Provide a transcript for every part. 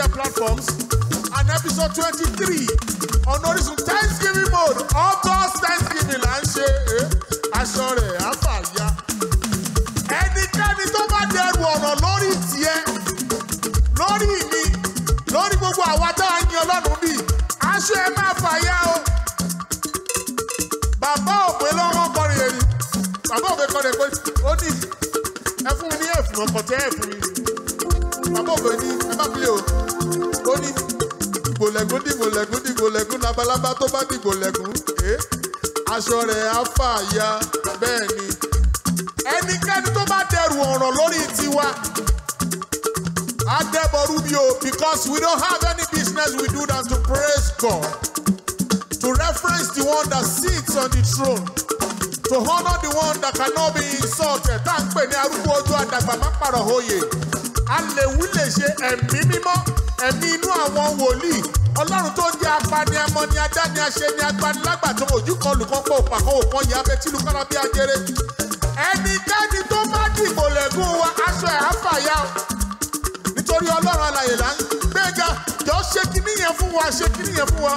media platforms, and episode 23 on Orisun Thanksgiving mode, all August Thanksgiving là ń ṣe eh? aṣọ rẹ̀ àfàyà. Ẹnikẹ́ni tó bá dẹrù ọ̀rọ̀ lórí tiẹ̀, lórí mi, lórí gbogbo àwa tá a yan Ọlọ́run bì, aṣọ ẹ máa fàyà o. Bàbá òpè lọ́wọ́ kọrin èrì, bàbá òpè kọrin èrì, ó ní ẹ fún mi ní ẹ̀fùn ọkọ̀ tẹ́ ẹ̀fún mi. Bàbá òpè ní ẹ bá fi lé o tó ní dìgbòlẹ́gún dìgbòlẹ́gún dìgbòlẹ́gún labalábá tó bá dìgbòlẹ́gún eh? aṣọ rẹ̀ á ya bẹ́ẹ̀ ni. ẹnikẹ́ni tó bá dẹrù ọ̀ràn lórí tiwa á dẹ́bọrú bí o because we don't have any business we do than to praise God to reference the one that sits on the throne to honour the one that cannot be insulted tá à ń pè ní arúgbó ojú àdàgbà má pàrọ̀ òye a lè wí ṣe ẹ̀mí mímọ́ ẹ̀mí inú àwọn wòlíì ọlọ́run tó jẹ́ apani ẹmọ ni ajá ni aṣẹ ni agbanilágbà tó ojú kan olùkọ́ pọ̀ pàkọ́ òkan yìí abẹ́tílu kára bí ajere. ẹnikẹ́ni tó bá dìbò lẹ́gùn wa aṣọ ẹ̀ á fàyà o nítorí ọlọ́run alàyè là ń gbéga jọ ṣe kíní yẹn fún wa ṣe kíní yẹn fún wa.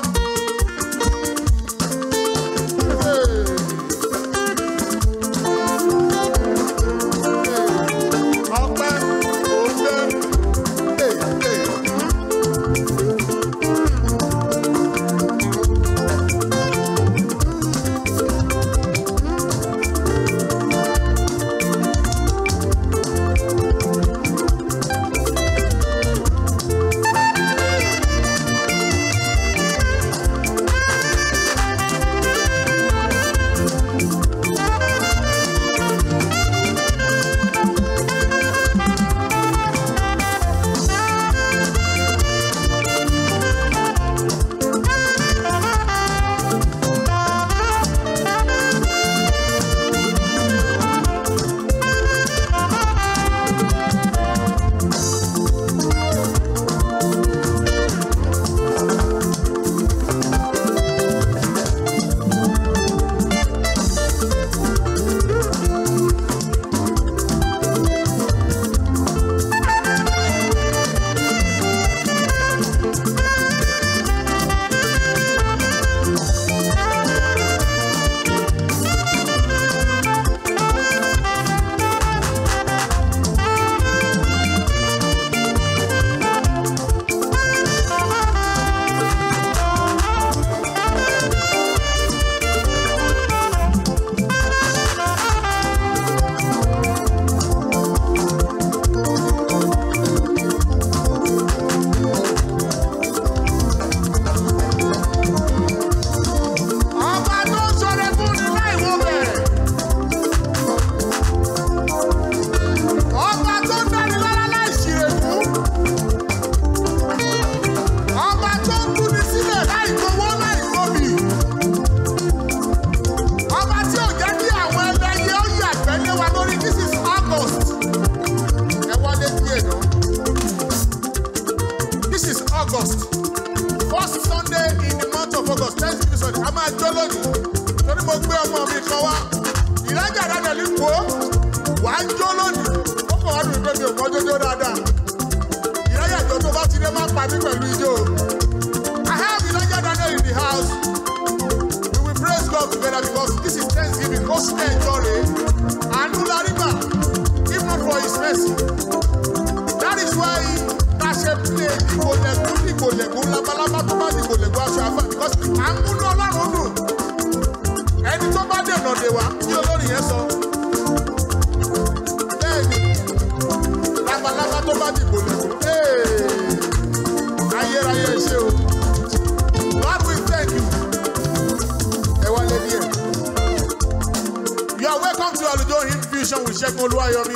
edition with Segun Oluwayomi.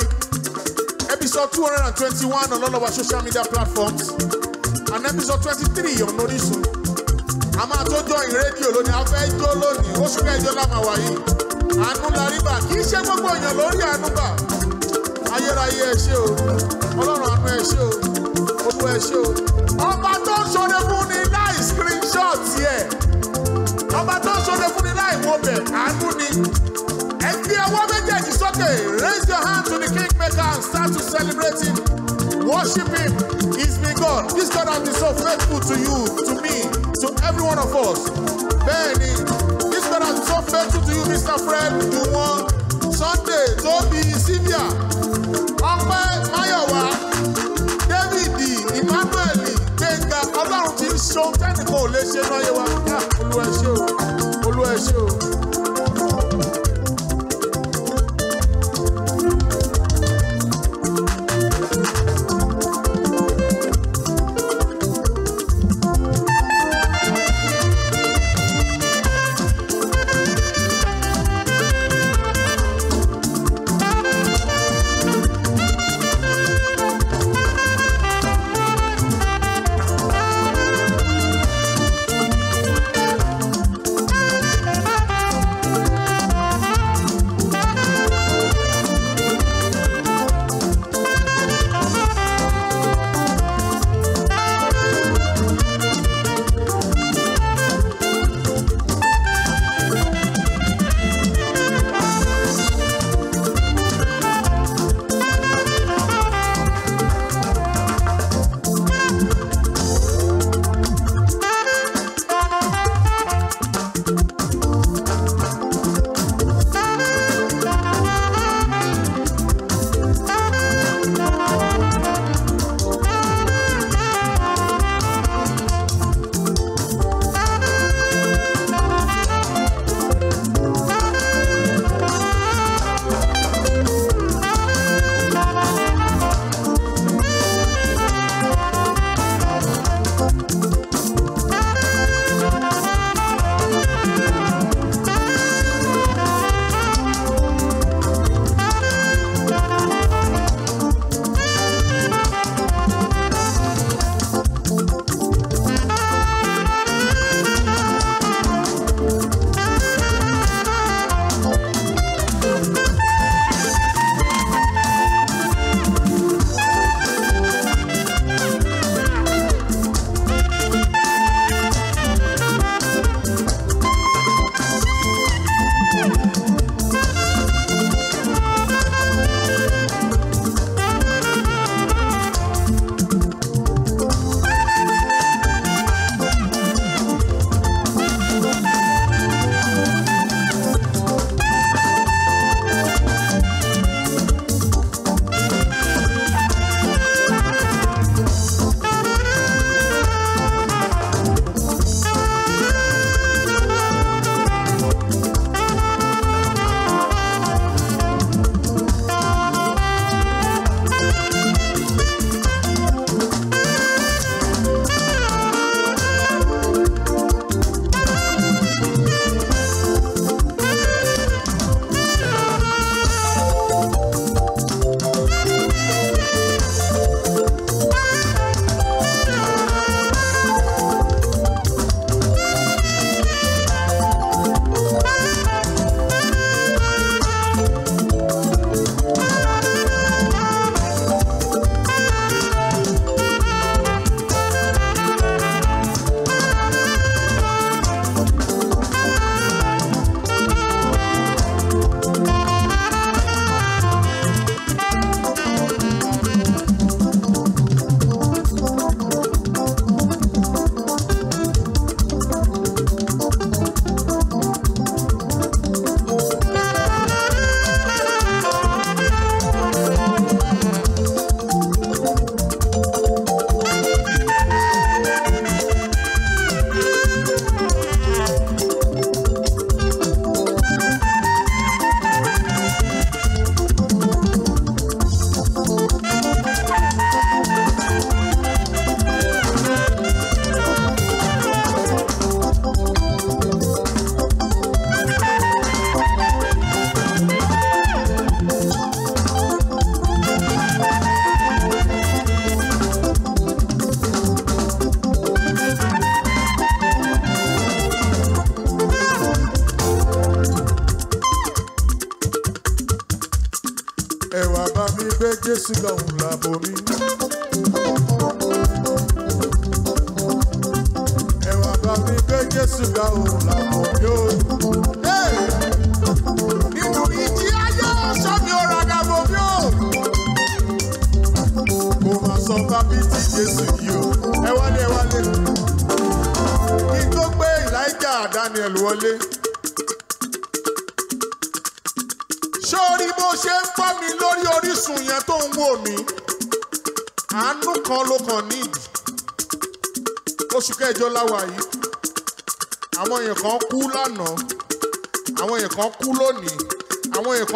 Episode 221 on all of our social media platforms. And episode 23 on Orisun. I'm máa tó join rédíò lónìí, a fẹ́ jó lónìí, oṣù kẹjọ la I'm wà yìí. I'm la rí gbà, kì í ṣe gbogbo èèyàn I'm àánú gbà. Ayérayé ẹ ṣé o, Ọlọ́run àánú ẹ ṣé o, Olú ẹ ṣé o. Ọba tó ń ṣoore fún ni láì screenshot yẹ. Ọba tó ni láì ni birthday, raise your hand to the Kingmaker and start to celebrate Him. Worship Him. He's been God. This God has been so faithful to you, to me, to every one of us. Benny, this God has been so faithful to you, Mr. Fred Juwon. Sunday, Toby, Sylvia, Ọpẹ́, Mayowa, David, Emmanuel, Gbẹ̀ngà, Ọlọ́run ti ń ṣe ohun tẹ́nìkan ò lè ṣe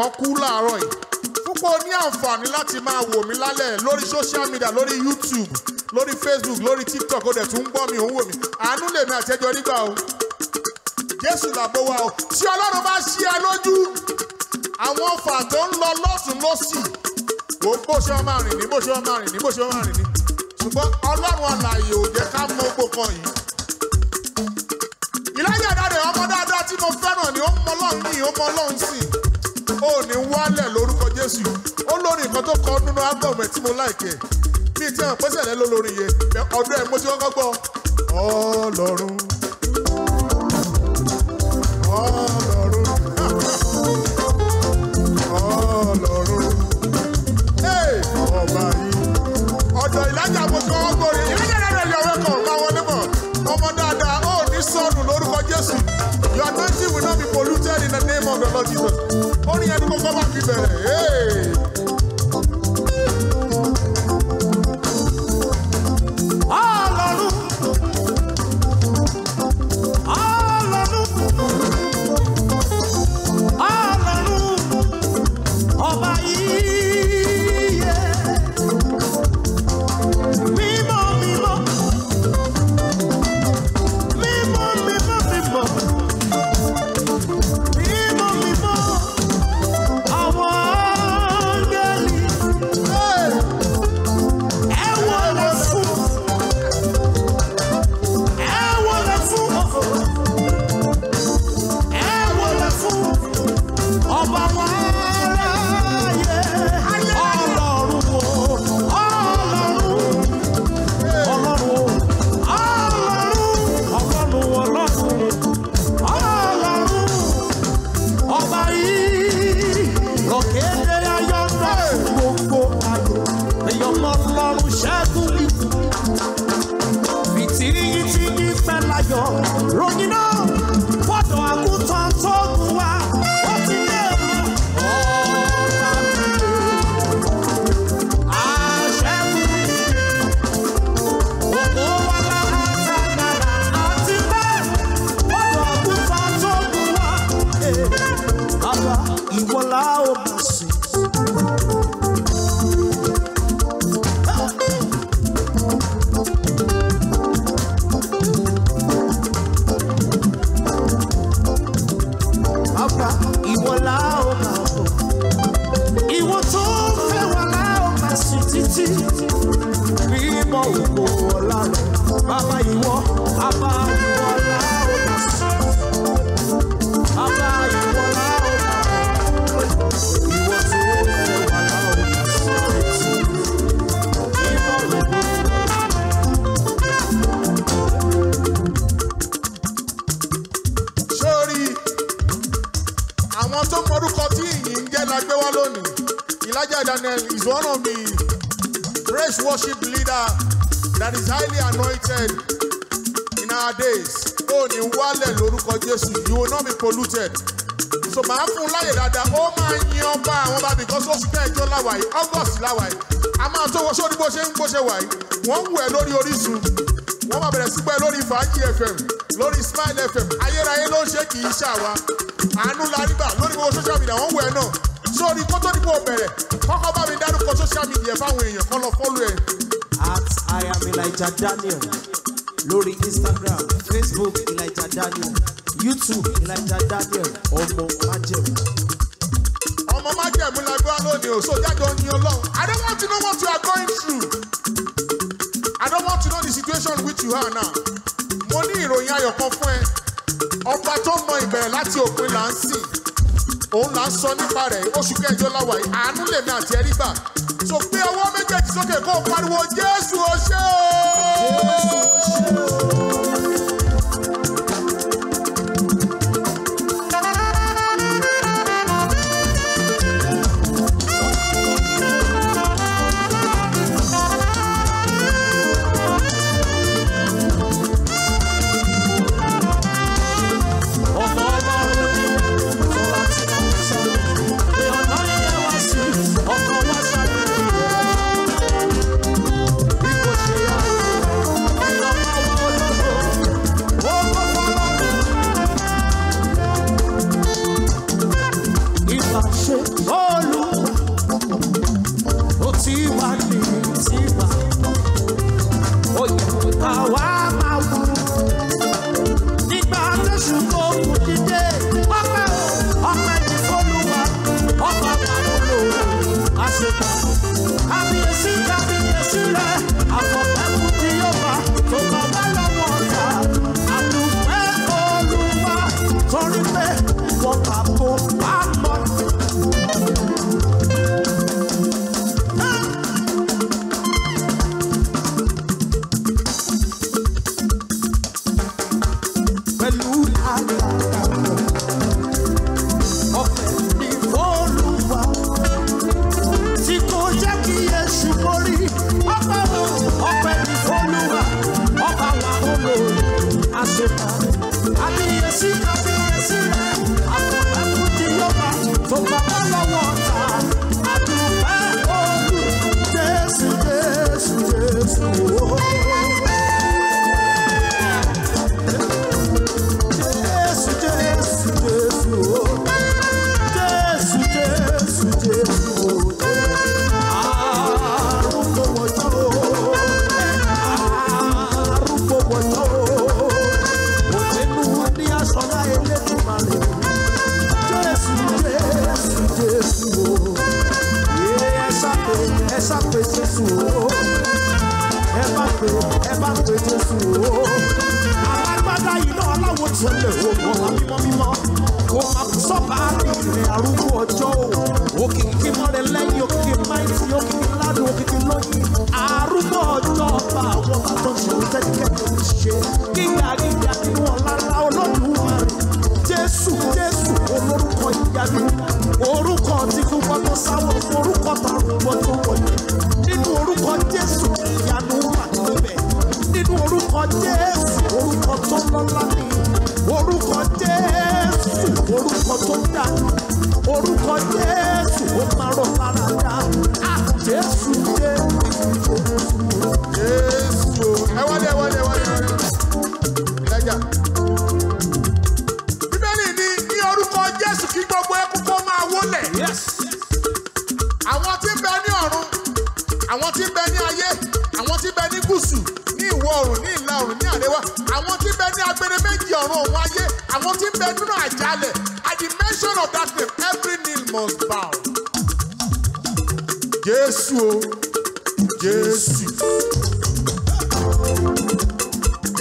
kan kú láàárọ̀ yìí púpọ̀ o ní àǹfààní láti máa wò mí lálẹ́ lórí social media lórí YouTube lórí Facebook lórí TikTok ó dẹ̀ tún ń gbọ́ mi òun wò mí àánú lèmi àtẹ́jọ́ nígbà o Jésù làbó wa o tí Ọlọ́run bá ṣí ẹ lójú àwọn ọfà tó ń lọ lọ́tún lọ́sì kò bó ṣe máa rìn ní bó ṣe máa rìn ní bó ṣe máa rìn ní ṣùgbọ́n Ọlọ́run àlàyé ò jẹ́ ká mọ gbogbo kan yìí ìlàjà dáadé ọmọ dáadáa tí mo fẹ́ràn ni ó mọ Ọlọ́run ní ó mọ Ọlọ́run sìn ó ní wálẹ̀ lórúkọ Jésù ó lórí nǹkan tó kọ nínú album ẹ̀ tí mo láìkẹ́ ní ìtẹ́ hàn pẹ́sẹ̀ rẹ ló lórí yẹ ọdún ẹ̀ mo ti kọ́kọ́ gbọ́ Ọlọ́run. the name of the Lord Jesus. Ó ní come back bá fi Hey. ọba wọn. tí ìyìn jẹ́ la gbé wá lónìí Elijah Daniel is one of the praise worship leader that is highly anointed in our days ó ní wálẹ̀ lórúkọ Jésù you will not be polluted so màá fún un láyè dáadáa ó máa yin ọba àwọn ọba because oṣù kẹjọ láwàyí August láwàyí a máa tó wọṣọ ní bó ṣe ń bó ṣe wàyí wọ́n ń wẹ̀ lórí Orísun wọ́n máa bẹ̀rẹ̀ sípẹ́ lórí fàájì fm lórí smile fm ayérayé ló ń ṣe kì í ṣàwa àánú larígbà lórí gbogbo social media wọ́n wẹ̀ náà sórí kótó ní kò bẹ̀rẹ̀ kọ́kọ́ bá mi dárúkọ social media fáwọn èèyàn kan lọ fọ́lù ẹ̀. at i am elijah daniel lórí instagram facebook elijah daniel youtube elijah daniel ọmọ májẹ̀mú. ọmọ májẹ̀mú la gbọ́ lónìí o so jáde oyin ọlọ́run i don't want to know what you are going through. I don't want to know the situation which you are now. Money ní ìròyìn ayọ̀ kan fún ẹ. Ọba tó mọ ìbẹ̀rẹ̀ láti òpin là ń sìn. Òun là ń sọ nípa rẹ̀ oṣù kẹjọ láwà yìí. Àánú lèmi àti ẹ̀rí gbà. So gbé ọwọ́ méjèèjì sókè kó o pariwo Jésù o o. Jésù o o.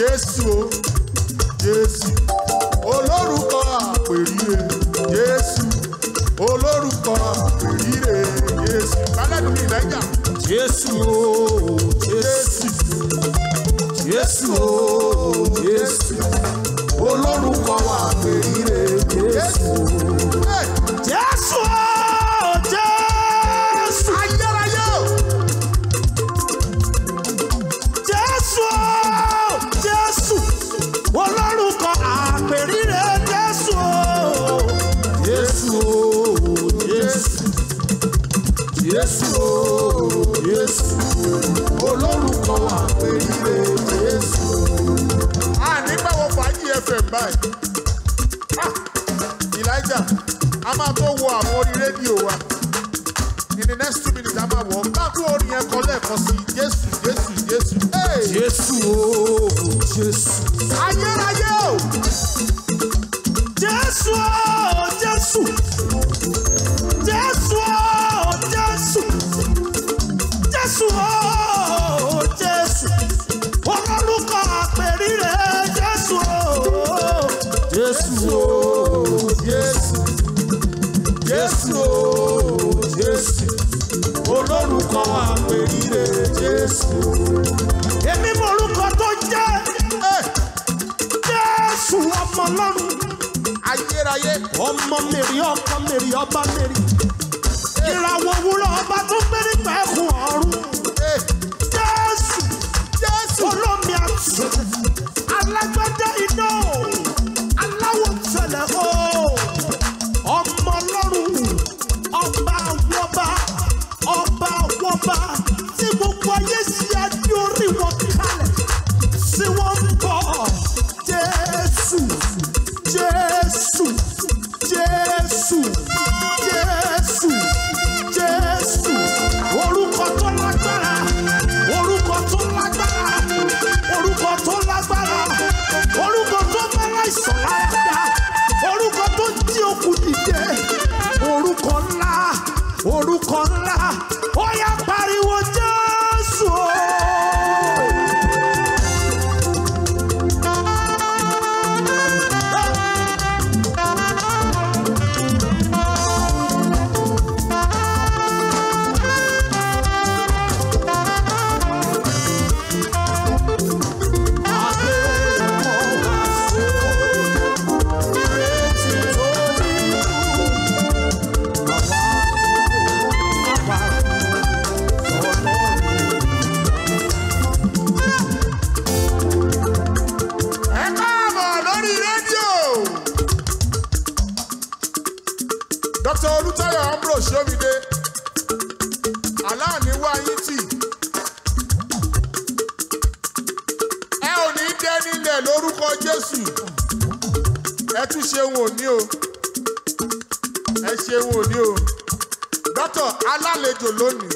Jésù o Jésù. báyìí. Ah, Elijah a máa tó wo àwọn orí rédíò wa. ọmọ lọ́rùn ayérayé ọmọ mèrì ọkọ mèrì ọba mèrì ìràwọ̀ òwúrọ̀ ọba tó gbé nígbà ẹ̀kún ọ̀run. àbúrò ṣómìdé aláàní wá yín tì ẹ ò ní dé nílẹ̀ lórúkọ Jésù ẹ tún ṣeun òní o ẹ ṣeun òní o dọ́tọ̀ alálejò lónìí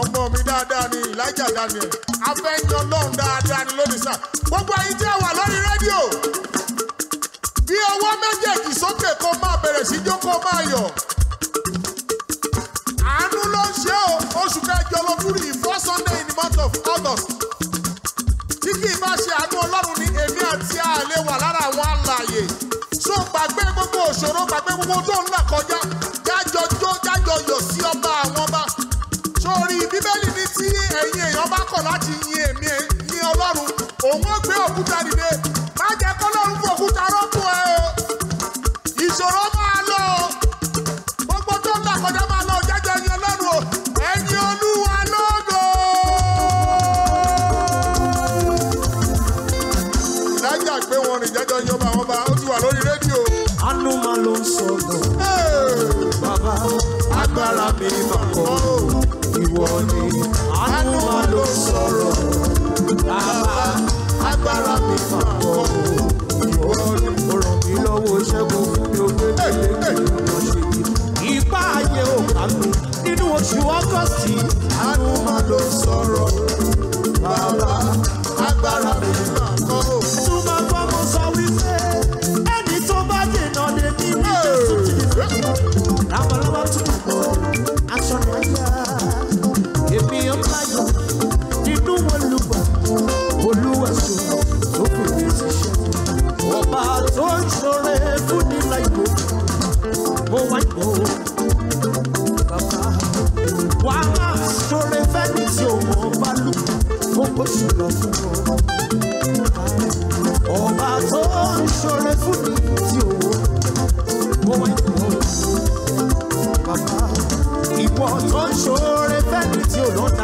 ọmọ mi dáadáa ni Elijah Daniel afẹ́yìn ọlọ́run dáadáa ni lónìí sá gbogbo ẹ̀yin tí ẹ wà lórí rédíò bí ọwọ́ méjèèjì sókè kó máa bẹ̀rẹ̀ sí jókòó máa yọ̀ ṣe o oṣù kẹjọ lọ́dún rí four Sunday in the month of August tí kì í bá ṣe àánú Ọlọ́run ní èmi àti àlè wà lára àwọn alààyè so gbàgbé gbogbo òṣòro gbàgbé gbogbo tó ń là kọjá jájọ jó jájọ yọ̀ sí ọba àwọn ọba sórí Bíbélì ní tí ẹ̀yin èèyàn bá kọ̀ láti yin èmi ní Ọlọ́run òun ó gbé òkúta dìde sọ̀rọ̀.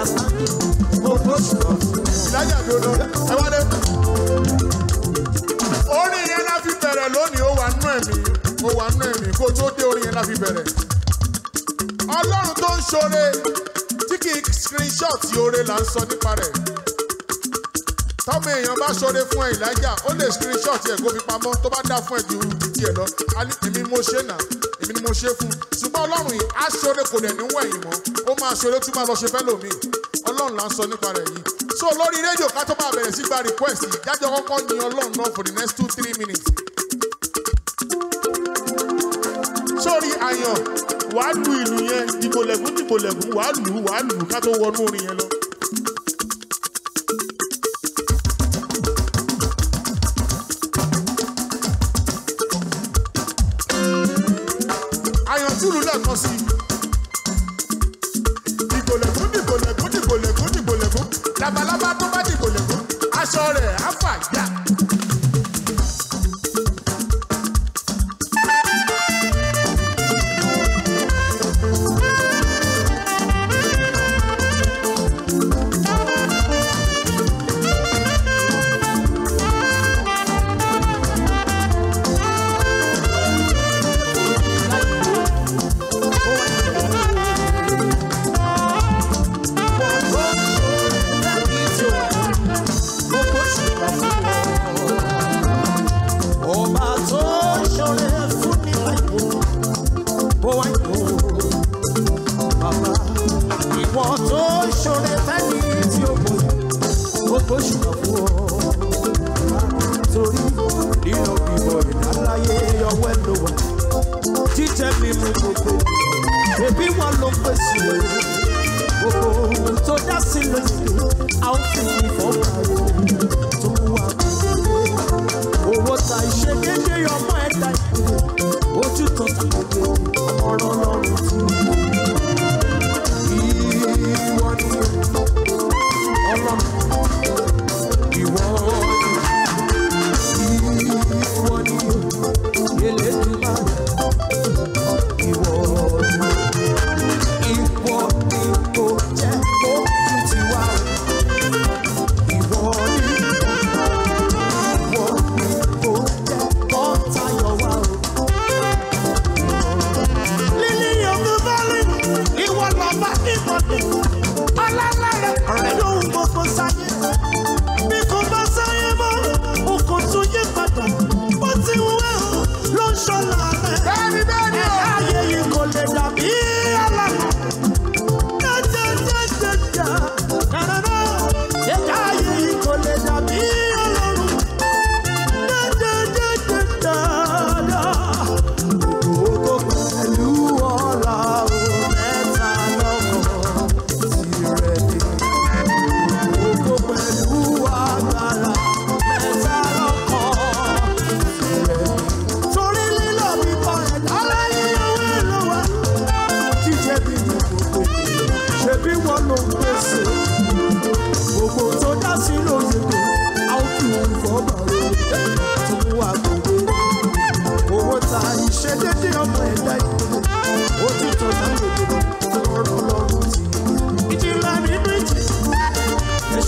lásán mo tó ṣùgbọ́n. ìlàjà mi ò lọ ẹ wá dé. orin yẹn la fi bẹ̀rẹ̀ lónìí ó wà nú ẹ̀mí ó wà nú ẹ̀mí kó tó dé orin yẹn la fi bẹ̀rẹ̀. ọlọ́run tó ń ṣoore tí kì í screenshot oore là ń sọ nípa rẹ̀. tọ́mọ èèyàn bá ṣoore fún ẹ yìí aṣọ́rẹ́ kò dẹ̀ níwọ̀ mọ́ ó máa ṣọ́rẹ́ tún máa lọ ṣe fẹ́ lòmíì là ń sọ nípa rẹ̀ yìí so lórí rédíò ká tó máa bẹ̀rẹ̀ sí gba request jájọ kọ́kọ́ yin ọlọ́run náà for the next two three minutes. sórí àyàn wàá lu ìlú yẹn dìbòlẹ̀gùn dìbòlẹ̀gùn wàá lù wàá lù ká tó wọnú orin yẹn lọ.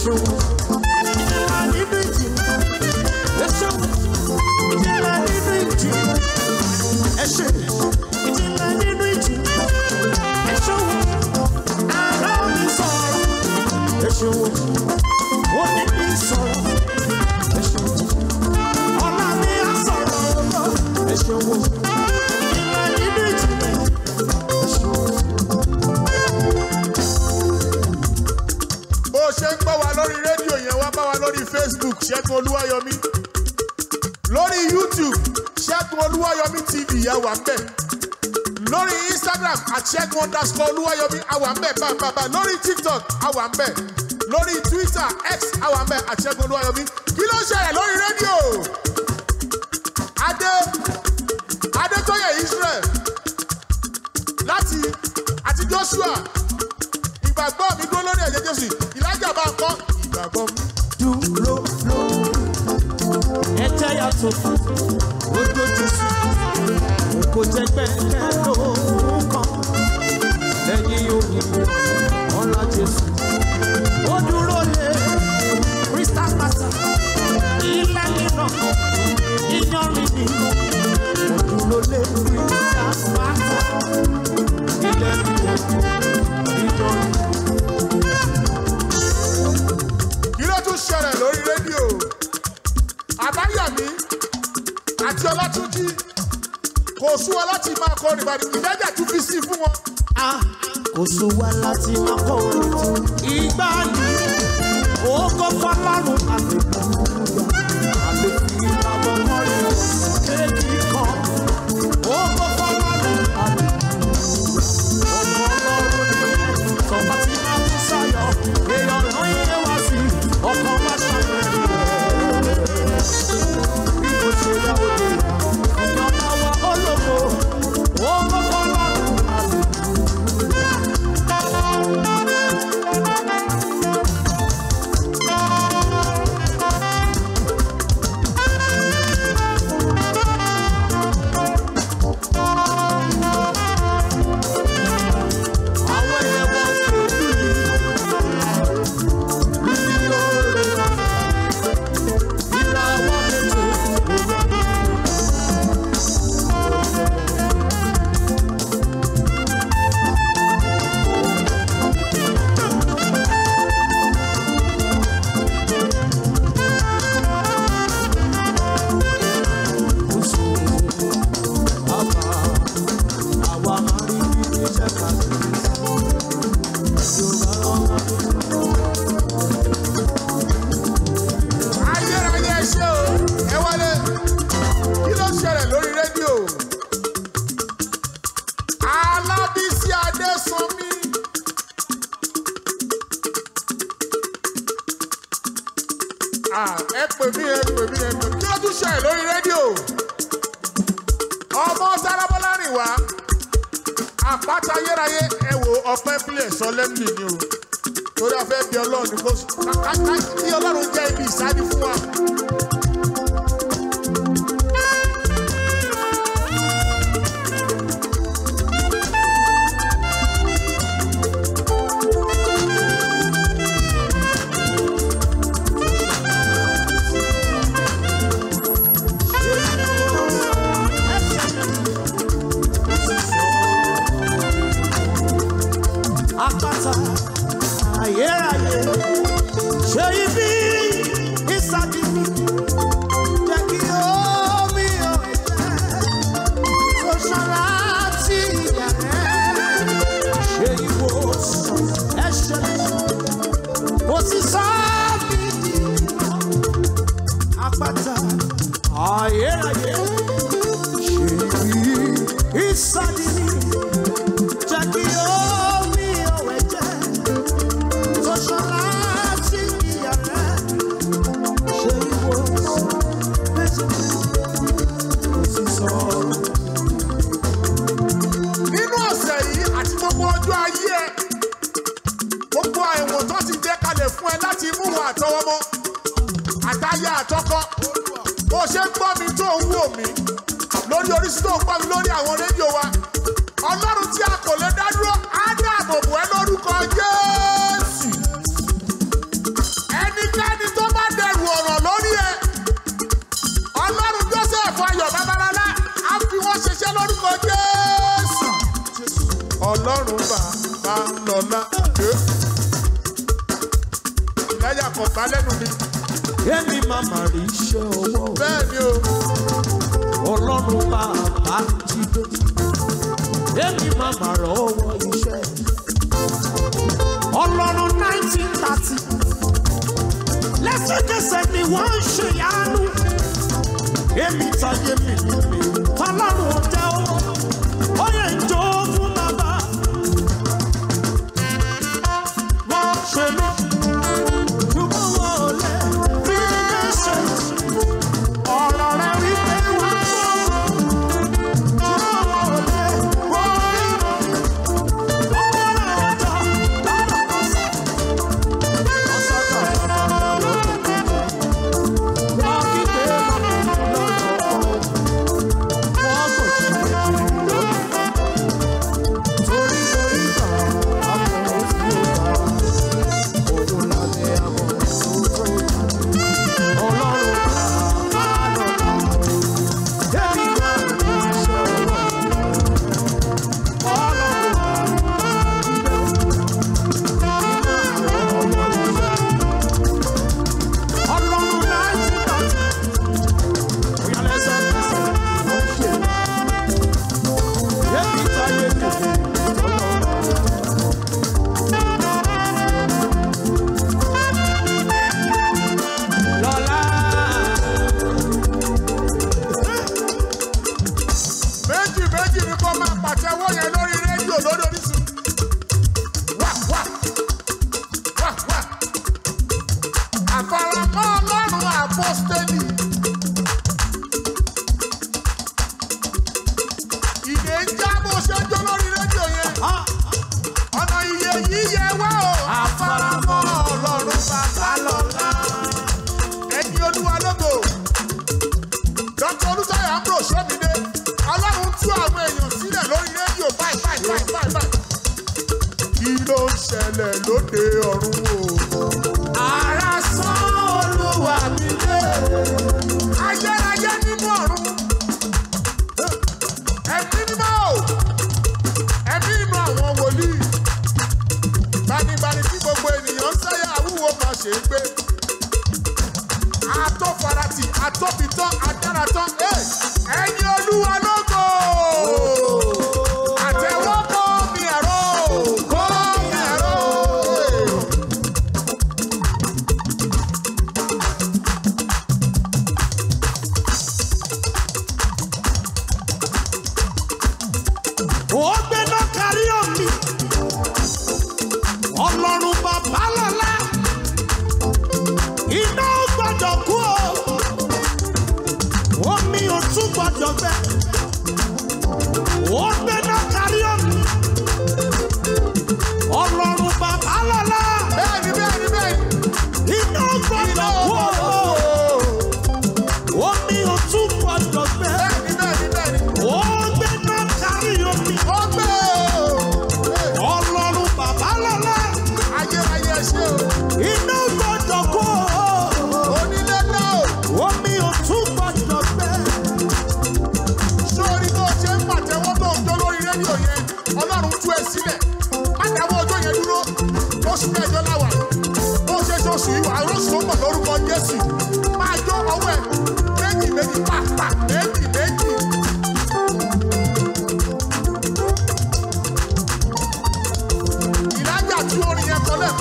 show. lórí Facebook Ṣẹ́gun Olúwayọ̀mí lórí YouTube Ṣẹ́gun Olúwayọ̀mí TV àwa ń bẹ̀ lórí Instagram at Ṣẹ́gun underscore Olúwayọ̀mí àwa ń bẹ̀ bàbàbà lórí TikTok àwa ń bẹ̀ lórí Twitter X àwa ń bẹ̀ at Ṣẹ́gun Olúwayọ̀mí kí ló ṣẹlẹ̀ lórí rédíò Adé Adétóyè Israel láti àti Joshua ìgbàgbọ́ mi dúró lórí ẹ̀jẹ̀ Jésù ìlàjà bá ń kọ́ ìgbàgbọ́ mi dúró ló ẹjẹ yàtọ̀ lójoojú sí kò jẹgbẹ́ lóhùn kan lẹ́yìn òyìnbó ọ̀la jésù ó dúró lé crystal pasta ilé nínà ìyanrìn ni ó dúró lé crystal pasta ilé nínà ìyanrìn. lórí rédíò àbáyọ̀mí àti ọlátúnjí kò sú wa láti máa kọ orin ìbàdàn ìdájà tún fi sí fún wọn. kò sú wa láti máa kọ orin ìgbà ni ó kọ́ fọlọ́run àgbẹ̀kọ́. àpáta yérayé ẹ wò ọpẹ́ bílẹ̀ sọ lẹ́mìnì ni o torí afẹ́ bí ọlọ́run ni kò sùn kí ọlọ́run jẹ́ ibi ìsáájú fún wa. mi lórí Orísun tó ń pọ̀ mi lórí àwọn rédíò wa ọlọ́run tí a kò lè dá dúró á dáàbò bò ẹ́ lórúkọ Jésù ẹnikẹ́ni tó bá dẹrù ọ̀rọ̀ lórí ẹ ọlọ́run Joseph Ayọ̀ Babalọlá á fi wọ́n ṣiṣẹ́ lórúkọ Jésù ọlọ́run Babalọlá ìyáyà kọ̀ọ̀kan lẹ́nu mi. Yẹ́nì màmá rí iṣẹ́ ọwọ́. Bẹ́ẹ̀ ni o ọlọ́run bàbá jí gbé èmi máa mà rọ́wọ́ iṣẹ́ ọlọ́run nineteen thirty lẹ́sẹ̀kẹsẹ̀ ni wọ́n ń ṣèyanu èmi tayé mi nílé ọlọ́run ọjọ́. ṣe é gbé. atófaratì atóbitán adáratán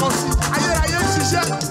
kọ sí ayérayé ń ṣiṣẹ́.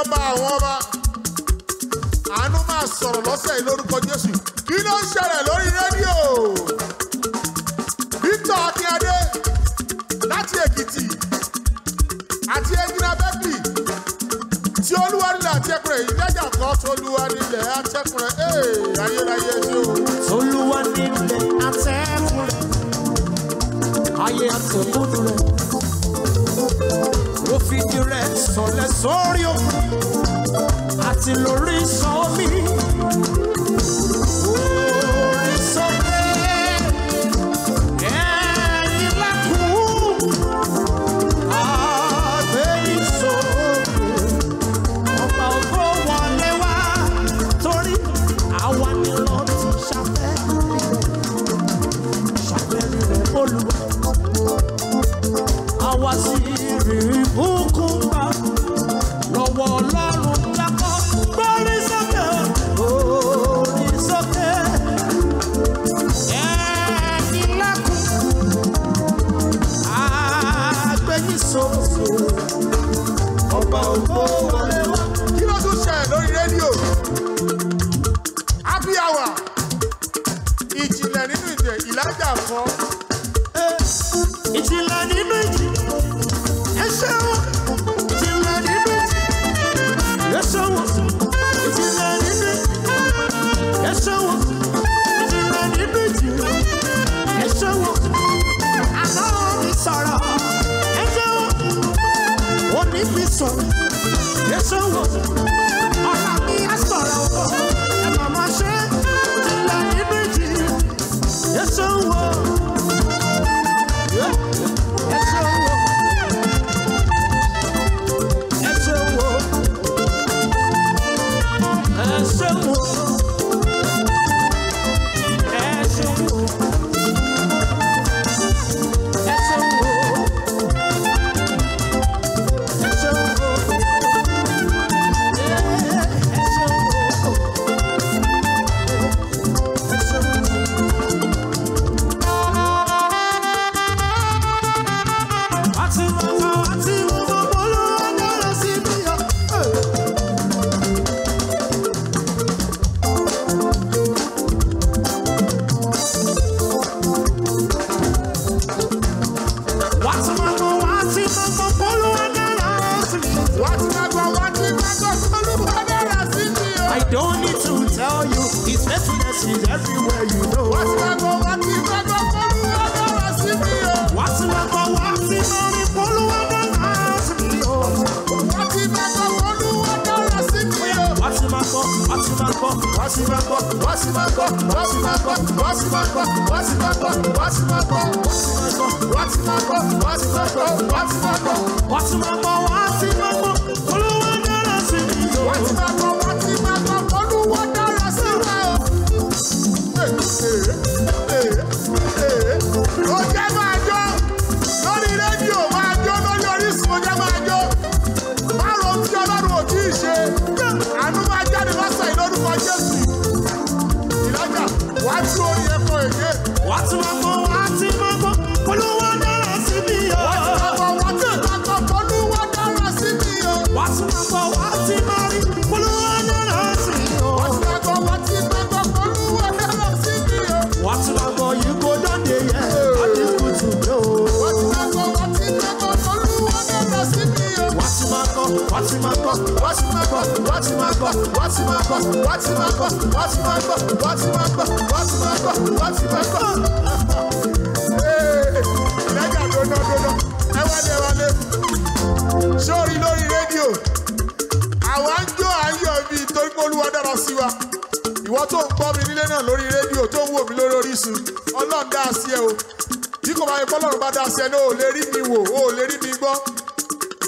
ọba àwọn ọba àánú máa sọ̀rọ̀ lọ́sẹ̀ yìí lórúkọ Jésù kí ló ń ṣẹlẹ̀ lórí rédíò Victor Akínyadé láti Èkìtì àti Egina Bẹ́kì tí olúwa nílẹ̀ àtẹ́kùnrẹ́ ìgbẹ́jà kan tolúwa nílẹ̀ àtẹ́kùnrẹ́ ee ayérayé ni o. tolúwa nílẹ̀ ayé àtẹ̀kùnrẹ́ ìdí rẹ̀ sọ̀lẹ̀ sórí òkun àti lórí sọ́ọ́mì. balboa. Yes, I was. máa my wọ́n ti my gbọ́ wọ́n my máa gbọ́ my ti máa my wọ́n ti my gbọ́ wọ́n my máa bọ̀ wá sí máa bọ̀ wá sí máa bọ̀ wá sí máa bọ̀ wá sí máa bọ̀ wá sí máa bọ̀ wá sí máa bọ̀. ìdájà dòdò dòdò ẹ wá lé wa lé sórí lórí rédíò àwa ń jó ayọ̀ mi torí pé olúwa dára sí wa ìwọ tó ń gbọ́ mi nílé náà lórí rédíò tó ń wò mí lórí Orísun ọlọ́run dá sí ẹ o bí kò bá yẹ kọ́lọ́run bá dá sí ẹ náà ò lè rí mi wò ò lè rí mi gbọ́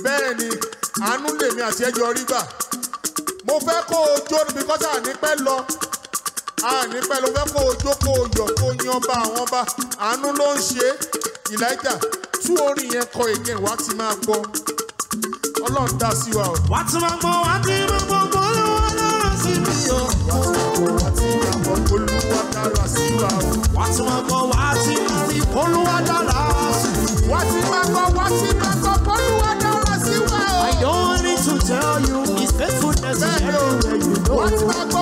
bẹ́ẹ̀ ni àánú lèmi àti ẹjọ́ rí gbà mo fẹ́ kó o jó ni because àní pẹ́ lọ àní pẹ́ lọ fẹ́ kó o jó kó o yọ̀ kó o yan bá àwọn ọba àánú ló ń ṣe ìlàjà tú orin yẹn kọ again wá ti máa gbọ́ ọlọ́run dá sí wa o. wá ti máa gbọ́ wá ti máa gbọ́ gbọ́ lọ́wọ́ dára sí mi o. wá ti máa gbọ́ wá ti máa gbọ́ olúwa dára sí wa o. wá ti máa gbọ́ wá ti máa rí olúwa dára What's my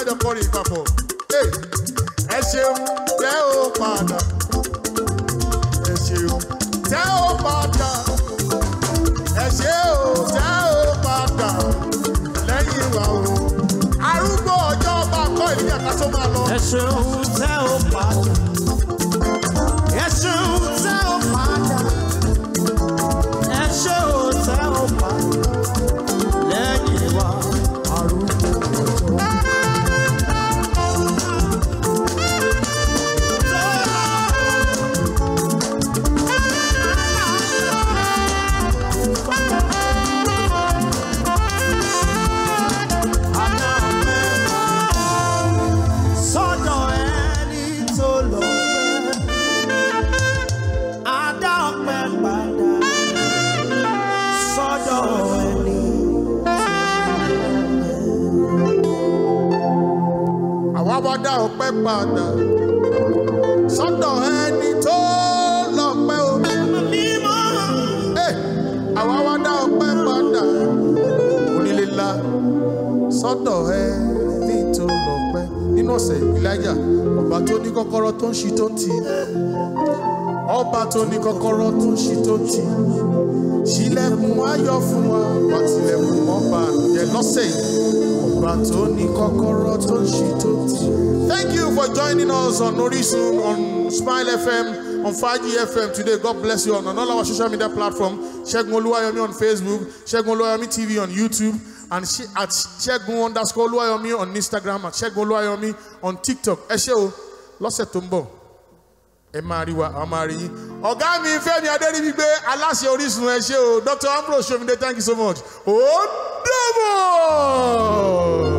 kájọ kọrin papọ̀ ẹ ṣeun tẹ́ ó padà ẹ ṣeun tẹ́ ó padà ẹ ṣe ó tẹ́ ó padà lẹ́yìn wa o arúgbó ọjọ́ bá kọ́ ìdíyàká tó lọ. ẹ ṣeun. ń tó ń tì ọba tó ní kọ́kọ́rọ́ tó ń ṣí tó ń tì ṣílẹ̀kùn ayọ̀ fún wa wá tilẹ̀kùn ọba àlùjẹ lọ́sẹ̀ yìí ọba tó ní kọ́kọ́rọ́ tó ń ṣí tó ń tì. Thank you for joining us on Orisun on Smile FM on Fagi FM today. God bless you on, on all our social media platform. Segun Oluwayomi on Facebook, Segun Oluwayomi TV on YouTube, and she, at Segun underscore Oluwayomi on Instagram, at Segun Oluwayomi on TikTok. Ẹ o lọ́sẹ̀ tó ń bọ̀ ẹ máa rí wa àwọn máa rí yín ọ̀gá mi Fẹ́mi Adéríbigbé aláṣẹ Orísun ẹ ṣé o Dr. Ambrose Ṣomide thank you so much ó dọ̀bọ̀.